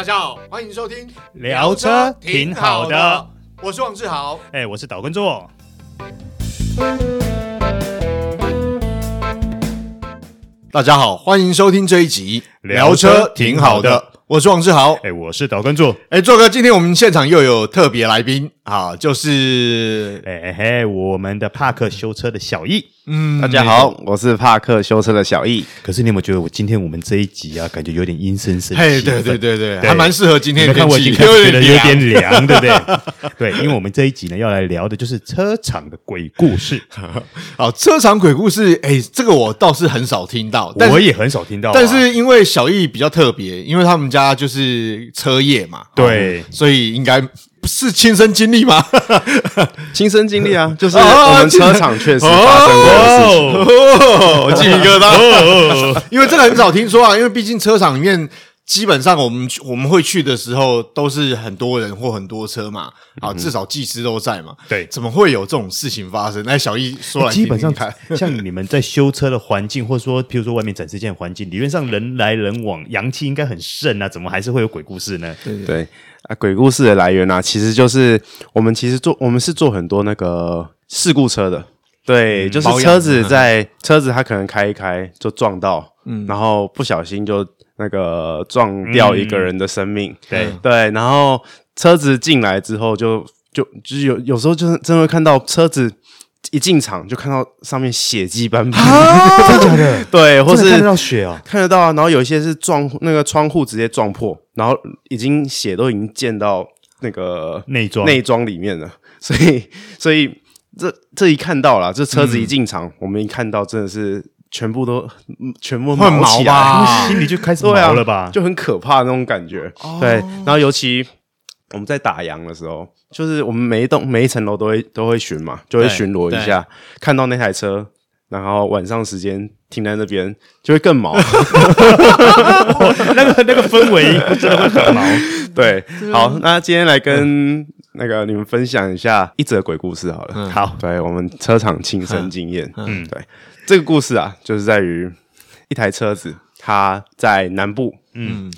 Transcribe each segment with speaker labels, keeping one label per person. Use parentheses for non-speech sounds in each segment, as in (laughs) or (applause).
Speaker 1: 大家好，歡迎收聽
Speaker 2: 聊車，聊車挺好的，
Speaker 1: 我是王志豪，
Speaker 2: 哎、欸，我是導根座。
Speaker 1: 大家好，歡迎收聽這一集聊車挺好的，我是王志豪，哎、欸，我是導根座，哎，座、欸、哥，今天我們現場又有特別來賓啊，
Speaker 2: 就是哎嘿、欸欸、我們的帕克修車的小易。嗯，大家好，嗯、我是帕克修車的小易。可是你有沒有覺得我今天我們這一集啊，感覺有點陰森森？嘿，對對對對，對還蠻適合今天的天氣。看我已經覺得有點涼，對不對？ (laughs) 對，因為我們這一集呢，要來聊的就是車廠的鬼故事。 (laughs) 好，車廠鬼故事，
Speaker 1: 哎、欸，這個我倒是很少聽到，但我也很少聽到、啊。但是因為小易比較特別，因為他們家就是車業嘛，對，嗯、所以應該。是親身經歷嗎？親 (laughs) 身經歷啊，就是我們車廠確實發生過的事情。哦哦、記一個吧， (laughs) 因為這個很少聽說啊，因為畢竟車廠裡面。基本上我們去我們會去的時候都是很多人或很多車嘛，啊、嗯，至少技師都在嘛。對，怎麼會有這種事情發生？那小一說來，基本上你
Speaker 2: 像你們在修車的環境， (laughs) 或者說譬如說外面展示間的環境，理論上人來人往，陽氣應該很盛啊，怎麼還是會有鬼故事呢？對、對、
Speaker 3: 對，啊，鬼故事的來源呢、啊，其實就是我們其實做我們是做很多那個事故車的。
Speaker 2: 對、嗯，就是車子在
Speaker 3: 車子，他可能開一開就撞到、嗯，然後不小心就那個撞掉一個人的生命。嗯、對對、嗯，然後車子進來之後就，就就就是有有時候就是真的會看到車子一進場就看到上面血跡斑斑， (laughs) (laughs) 對，或是看得到血啊、喔，看得到啊。然後有一些是撞那個窗戶直接撞破，然後已經血都已經濺到那個內裝內裝裡面了，所以所以。這這一看到了，這車子一進場，嗯，我們一看到真的是全部都全部毛起來毛，啊，心裡就開始毛了吧，啊，就很可怕的那種感覺哦。對，然後尤其我們在打烊的時候，就是我們每一棟每一層樓都會都會巡嘛，就會巡邏一下，看到那台車，然後晚上時間停在那邊，就會更毛。 (laughs) (laughs) (laughs) 那個那個氛圍真的會很毛 (laughs) 對。對，好，那今天來跟。嗯那個，你們分享一下一則鬼故事好了，嗯。好，對，我們車廠親身經驗嗯。嗯，對，這個故事啊，就是在於一台車子，它在南部，嗯，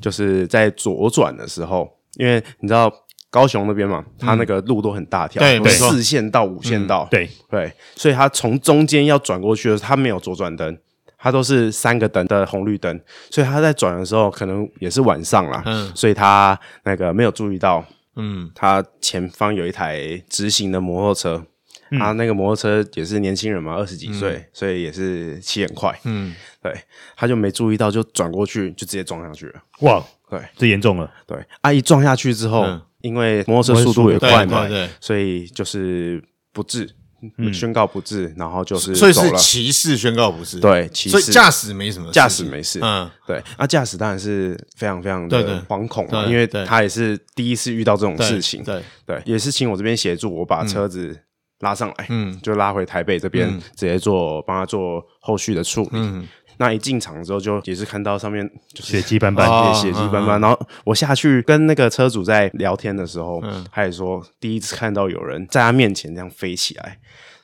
Speaker 3: 就是在左轉的時候，因為你知道高雄那邊嘛，它那個路都很大條，有、嗯、四線到五線道，嗯、對對，對，所以它從中間要轉過去的時候，它沒有左轉燈，它都是三個燈的紅綠燈，所以它在轉的時候，可能也是晚上啦，嗯，所以它那個沒有注意到。嗯，他前方有一台直行的摩托車，嗯、啊，那個摩托車也是年輕人嘛，二十幾歲、嗯，所以也是騎很快。嗯，對，他就沒注意到，就轉過去，就直接撞上去了。哇，對，這嚴重了。對，啊，一撞下去之後、嗯，因為摩托車速度也快嘛，對，對，對，所以就是不治。嗯、宣告不治，然後就是走了，所以是騎
Speaker 1: 士宣告不治，對，騎士駕駛沒什麼事，駕駛沒事，嗯，
Speaker 3: 對，啊，駕駛當然是非常非常的惶恐，啊，對對對，因為他也是第一次遇到這種事情，對對，對，對，也是請我這邊協助，我把車子拉上來，嗯，就拉回台北這邊，嗯，直接做幫他做後續的處理。嗯那一進場之後，就也是看到上面就是血跡斑斑， (laughs) 哦、血跡斑斑嗯嗯。然後我下去跟那個車主在聊天的時候、嗯，他也說第一次看到有人在他面前這樣飛起來，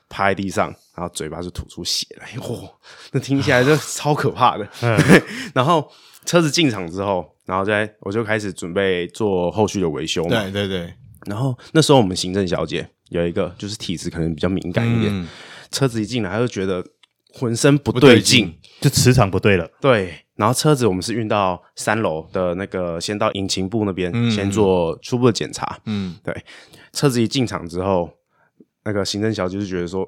Speaker 3: 趴在地上，然後嘴巴就吐出血來。哇，那聽起來就超可怕的。啊、 (laughs) 然後車子進場之後，然後在我就開始準備做後續的維修嘛。對對對。然後那時候我們行政小姐有一個就是體質可能比較敏感一點，嗯、車子一進來他就覺得。渾身不對勁，
Speaker 2: 不對勁，就磁場不對了。
Speaker 3: 對，然後車子我們是運到三樓的那個，先到引擎部那邊、嗯、先做初步的檢查。嗯，對。車子一進場之後，那個行政小姐就覺得說，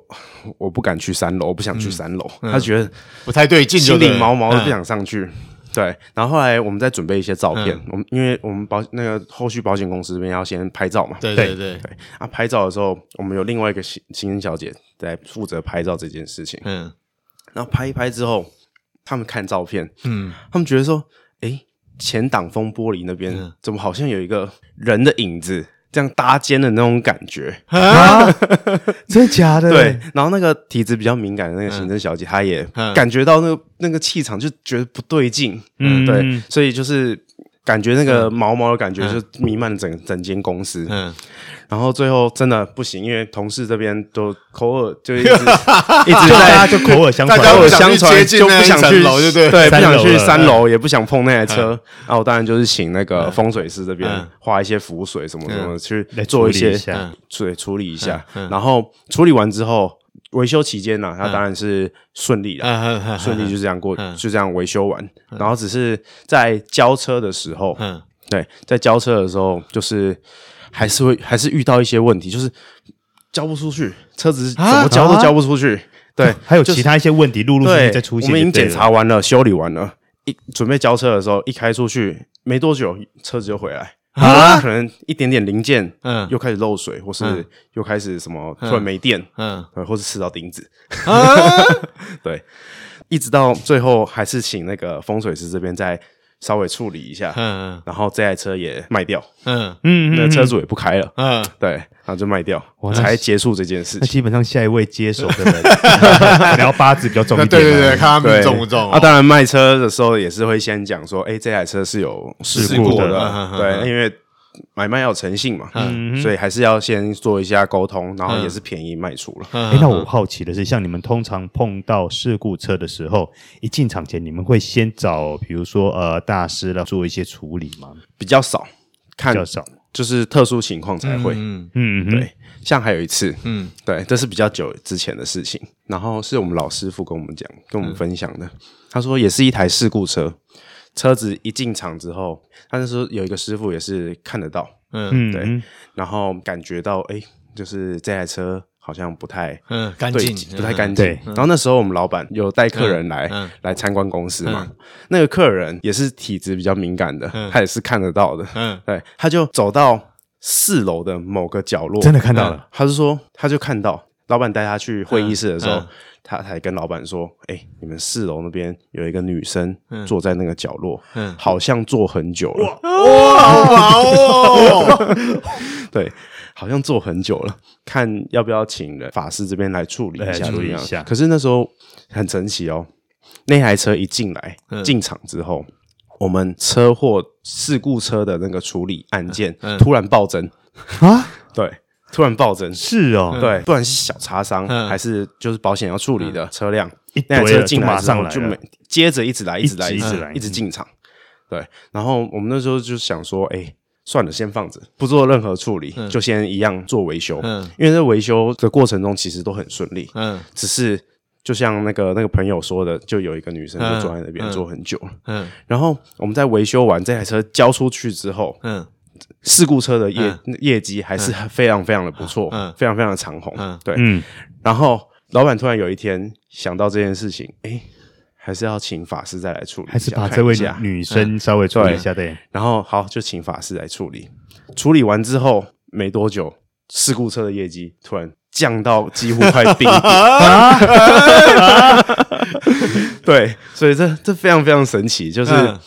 Speaker 3: 我不敢去三樓，我不想去三樓，她、嗯、覺得不太對勁就對，心裡毛毛的，不想上去、嗯。對。然後後來我們再準備一些照片，嗯、我們因為我們保那個後續保險公司這邊要先拍照嘛。對對對。對對啊，拍照的時候我們有另外一個行、行政小姐在負責拍照這件事情。嗯。然後拍一拍之後，他們看照片，嗯，他們覺得說，誒，前擋風玻璃那邊、嗯、怎麼好像有一個人的影子，這樣搭肩的那種感覺啊？哈 (laughs) 真的假的？對，然後那個體質比較敏感的那個行政小姐，她、嗯、也感覺到那個那個氣場就覺得不對勁，嗯，嗯對，所以就是。感覺那個毛毛的感覺就彌漫整、嗯、整間公司，嗯，然後最後真的不行，因為同事這邊都口耳就一直 (laughs) 一直在、啊、大家就口耳相傳，口 (laughs) 耳相傳就不想去樓，就對對對，不想去三樓、嗯，也不想碰那台車，那、嗯、我當然就是請那個風水師這邊、嗯、畫一些符水什麼什麼、嗯、去做一些處處理一下、嗯、理一下嗯嗯，然後處理完之後。維修期間呢、啊，那當然是順利
Speaker 1: 了，順、啊啊啊啊啊、利就這
Speaker 3: 樣過，啊、就這樣維修完、啊啊，然後只是在交車的時候、啊，對，在交車的時候，就是還是會還是遇到一些問題，就是交不出去，車子怎麼交都交不出去，啊、對，還有、就是就是、其他一些問題陸陸續續在出現，我們已經檢查完了，修理完了，一準備交車的時候，一開出去沒多久，車子就回來。可能一點點零件，嗯，又開始漏水，嗯，或是又開始什麼突然沒電，嗯，嗯或是吃到釘子，啊， (laughs) 對，一直到最後還是請那個風水師這邊再稍微處理一下，嗯嗯，嗯，然後這台車也賣掉，嗯嗯，那車主也不開了，嗯，對。然後就賣掉，我才結束這件事情。那基
Speaker 2: 本上下一位接手的人，聊八字比較重
Speaker 3: 要。 (laughs) 對對對，看他們重不重、哦對對對。啊，當然賣車的時候也是會先講說，哎、欸，這台車是有事故的，的了嗯哼嗯哼，對，因為買賣要誠信嘛、嗯，所以還是要先做
Speaker 2: 一下溝通，然後也是便宜賣出了。哎、嗯嗯欸，那我好奇的是，像你們通常碰到事故車的時候，一進場前你們會先找比如說呃大師來做一些處理嗎？比較少，看比較少。就是特殊情況才會，嗯嗯，對嗯，
Speaker 3: 像還有一次，嗯，對，這是比較久之前的事情，然後是我們老師傅跟我們講、嗯，跟我們分享的，他說也是一台事故車，車子一進廠之後，他是說有一個師傅也是看得到，嗯，對，然後感覺到哎、欸，就是這台車。好像不太嗯乾淨嗯，不太乾淨、嗯。然後那時候我們老闆有帶客人來、嗯嗯、來參觀公司嘛、嗯嗯，那個客人也是體質比較敏感的、嗯，他也是看得到的。嗯，對，他就走到四樓的某個角落，真的看到了。嗯、他是說，他就看到，就看到老闆帶他去會議室的時候，嗯嗯、他才跟老闆說：“哎、欸，你們四樓那邊有一個女生、嗯、坐在那個角落、嗯嗯，好像坐很久了。”哇、哇，好毛哦！ (laughs) (laughs) 對。好像坐很久了，看要不要請人，法師這邊來處理一下。處理一下。可是那時候很神奇哦，那台車一進來，進、嗯、場之後，我們車禍事故車的那個處理案件、嗯、突然暴增啊！對，突然暴增，是哦，對，不管是小擦傷、嗯、還是就是保險要處理的車輛、嗯，那台車進馬上就沒就上來接着一直來，一直來，一直來，嗯、一直進場。對，然後我們那時候就想說，哎、欸。算了，先放着，不做任何處理，嗯、就先一樣做維修。嗯，因為在維修的過程中，其實都很順利。嗯，只是就像那個那個朋友說的，就有一個女生就坐在那邊、嗯、坐很久嗯。嗯，然後我們在維修完這台車交出去之後，嗯，事故車的業、嗯、業績還是非常非常的不錯、嗯，非常非常的長紅、嗯。對。嗯，然後老闆突然有一天想到這件事情，誒、欸。還是要請法師再來處理，還是把這位女生、嗯、稍微處理一下對、啊、對然後好，就請法師來處理。處理完之後沒多久，事故車的業績突然降到幾乎快冰點。 (laughs) (laughs) (laughs) (laughs) 對，所以這這非常非常神奇，就是。嗯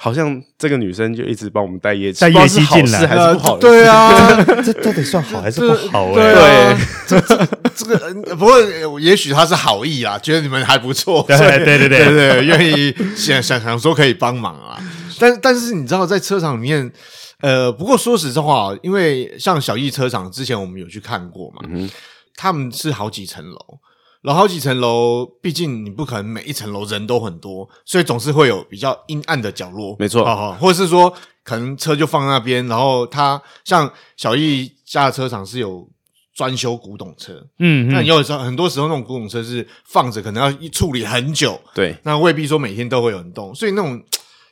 Speaker 3: 好像這個女生就一直幫我們帶業績，帶業績進來是還是不好，呃？對啊， (laughs) 這這得算好還是不好，欸？啊？對，
Speaker 1: 這個這個不過也許她是好意啊，覺得你們還不錯，對對對對對，對，對，對，願意想想想說可以幫忙啊。但但是你知道，在車廠裡面，呃，不過說實話，因為像小易車廠之前我們有去看過嘛，他們是好幾層樓。然後好幾層樓，畢竟你不可能每一層樓人都很多，所以總是會有比較陰暗的角落。沒錯，好好或者是說，可能車就放那邊，然後他像小易家的車廠是有專修古董車。嗯，嗯，那你有時候很多時候那種古董車是放着，可能要一處理很久。對，那未必說每天都會有人動，所以那種。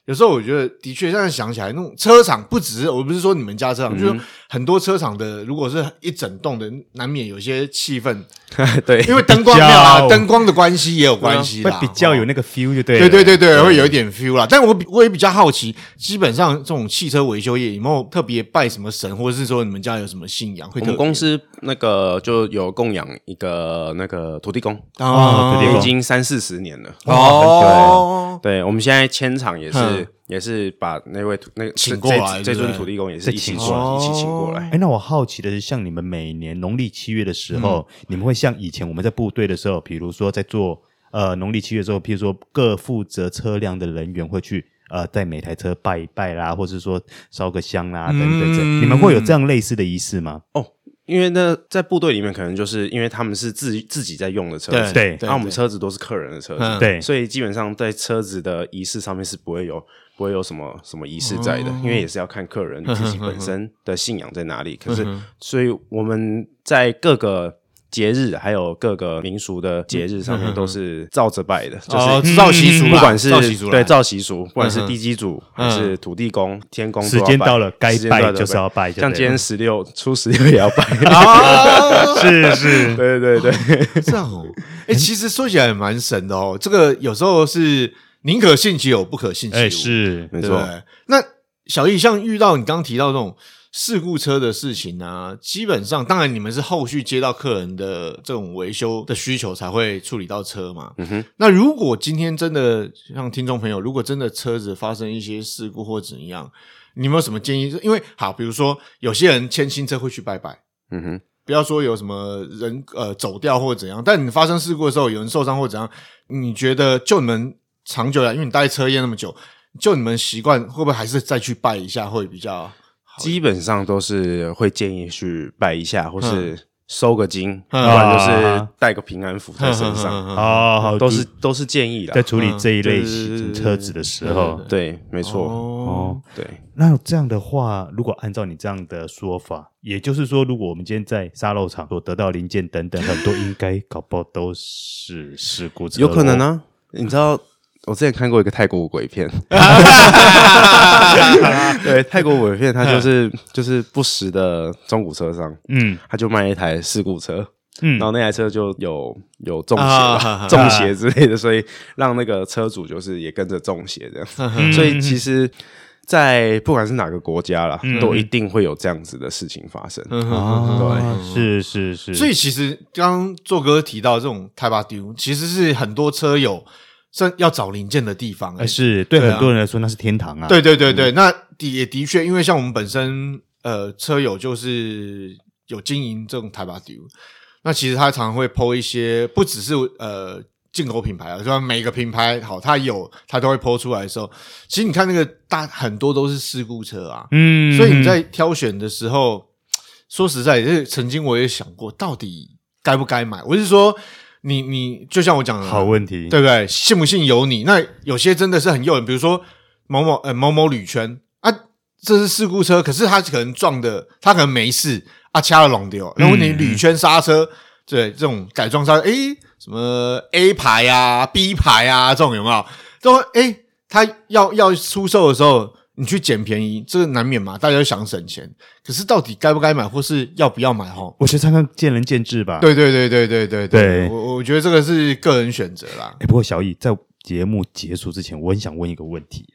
Speaker 1: 有時候我覺得的確，現在想起來，那種車廠不止，我不是說你們家車廠、嗯，就是很多車廠的，如果是一整棟的，難免有些氣氛。 (laughs) 對，因為燈光啊，燈光的關係也有關係，會、啊、比較有那個 feel 就對、哦。對對對對，會有一點 feel 啦。對對對，但我我也比較好奇，基本上這種汽車維修業有沒有特別拜什麼神，或者是說你們家有什麼信仰會？我們公司
Speaker 3: 那個就有供養一個那個土地公，啊、哦，已經三四十年了哦，哦，哦對。對，我們現在遷廠也是。也是把那位土那個請過來，這，這尊土地公也是一起請過來、哦，一起請過
Speaker 2: 來。哎、欸，那我好奇的是，像你們每年農曆七月的時候，嗯、你們會像以前我們在部隊的時候，比如說在做呃農曆七月之後，譬如說各負責車輛的人員會去呃在每台車拜一拜啦，或者說燒個香啦等、嗯、等等，你們會有這樣類似的儀式嗎？嗯、哦，
Speaker 3: 因為那在部隊裡面，可能就是因為他們是自自己在用的車子，對，那、啊、我們車子都是客人的車子，對，對、嗯，所以基本上在車子的儀式上面是不會有。不會有什麼什麼儀式在的，哦，因為也是要看客人自己本身的信仰在哪裡。呵呵呵可是呵呵，所以我們在各個節日，還有各個民俗的節日上面，都是照着拜的，嗯嗯嗯，就是照習俗，不管是對照習俗，不管是地基主、嗯、還是土地公、天公，時間到了該拜就是要拜。像今天十六初十六也要拜，Oh! (laughs) 是是，對對對，哦，這樣
Speaker 1: 哎、 (laughs) 欸，其實說起來也蠻神的哦，這個有時候是。寧可信其有，不可信其無。哎、欸，是沒錯。對。那小易，像遇到你剛剛提到這種事故車的事情啊，基本上，當然你們是後續接到客人的這種維修的需求才會處理到車嘛。嗯哼。那如果今天真的像聽眾朋友，如果真的車子發生一些事故或者怎樣，你有沒有什麼建議？因為好，比如說有些人牽新車會去拜拜。嗯哼。不要說有什麼人呃走掉或者怎樣，但你發生事故的時候，有人受傷或者怎樣，你覺得就你們。長久了，因為你待車業那麼久，就你們習慣會不會還是再去拜一下會比較好？
Speaker 3: 基本上都是會建議去拜一下，或是收個金，或，嗯、然就是帶個平安符
Speaker 1: 在身上
Speaker 3: 好，嗯嗯嗯，都是、嗯都，是嗯，都是建議啦。在處理這一類車子的時候，嗯、對，沒錯哦，
Speaker 2: 對。那這樣的話，如果按照你這樣的說法，也就是說，如果我們今天在沙漏場所得到零件等等很多，應該搞不好都是事故車有可能啊，你知道？嗯我之前看過一個泰國鬼片，
Speaker 3: 對泰國鬼片，他就是就是不時的中古車商，嗯，他就賣一台事故車，嗯，然後那台車就有有中邪、中邪之類的，所以讓那個車主就是也跟着中邪這樣。所以其實，在不管是哪個國家啦，都一定會有這樣子的事情發生。對，是
Speaker 2: 是是。所以其
Speaker 1: 實剛剛做哥提到這種 e d 丟，其實是很多車友。要找零件的地方、欸，欸、是對，對、啊、很多人來說那
Speaker 2: 是天堂啊！對對對對，
Speaker 1: 嗯、那的也的確，因為像我們本身呃車友就是有經營這種台巴迪，那其實他常常會拋一些，不只是呃進口品牌啊，雖、就、然、是、每個品牌好，他有他都會拋出來的時候，其實你看那個大很多都是事故車啊，嗯，所以你在挑選的時候，嗯、說實在，也、這、是、個、曾經我也想過，到底該不該買？我是說。你你就像我講的，好問題，對不對？信不信由你。那有些真的是很誘人，比如說某某呃某某鋁圈啊，這是事故車，可是他可能撞的，他可能沒事啊，掐了攏丟，然後你鋁圈剎車，嗯、對這種改裝剎車，誒什麼 A 牌啊，B 牌啊，這種有沒有？都說誒他要要出售的時候。你去撿便宜，這個難免嘛，大家都想省錢。可是到底該不該買，或是要不要買？哈，我
Speaker 2: 覺得這個見
Speaker 1: 仁見智吧。對對對對對對對，對我我覺得這個是個人選擇啦。欸，
Speaker 2: 不過小易在節目結束之前，我很想問一個問題。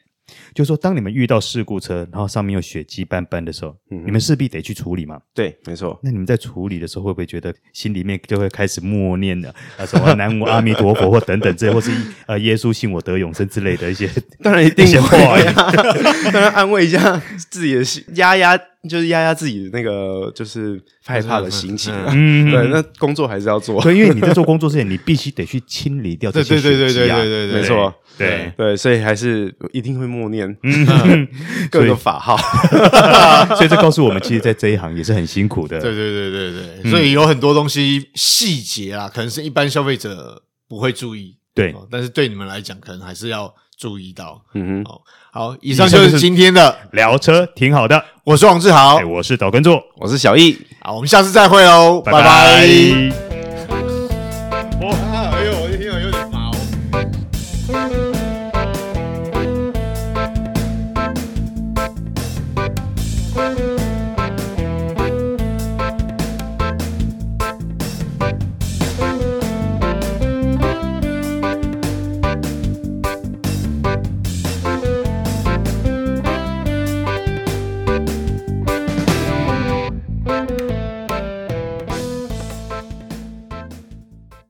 Speaker 2: 就是、說當你們遇到事故車，然後上面有血跡斑斑的時候，嗯、你們勢必得去處理嘛。對，沒錯。那你們在處理的時候，會不會覺得心裡面就會開始默念了啊什麼、啊、南無阿彌陀佛或等等這些，或是呃、啊、耶穌信我得永生之類的一些，當然一定會呀， (laughs) 當然安
Speaker 3: 慰一下自己的心，壓壓。就是壓壓自己的那個就是害怕的心情、啊嗯，對,、嗯對嗯，那工作還是要做對，對，因為你在做
Speaker 2: 工作之前， (laughs) 你必須得去清理掉這些，啊、對對對對對對對,對，沒錯，對對,對,對，所以還是一定會默念、嗯啊、各個法號，所以, (laughs) (laughs) 所以這告訴我們，其實，在這一行也是很辛苦的，對
Speaker 1: 對對對對,對，所以有很多東西細節啊，可能是一般消費者不會注意，對，喔、但是對你們來講，可能還是要。注意到，嗯、哦、好，以上就是今天的
Speaker 2: 聊車，挺好的。我是王志豪，欸、我是島根座，我是小易，好，我們下次再會哦，拜拜。拜拜。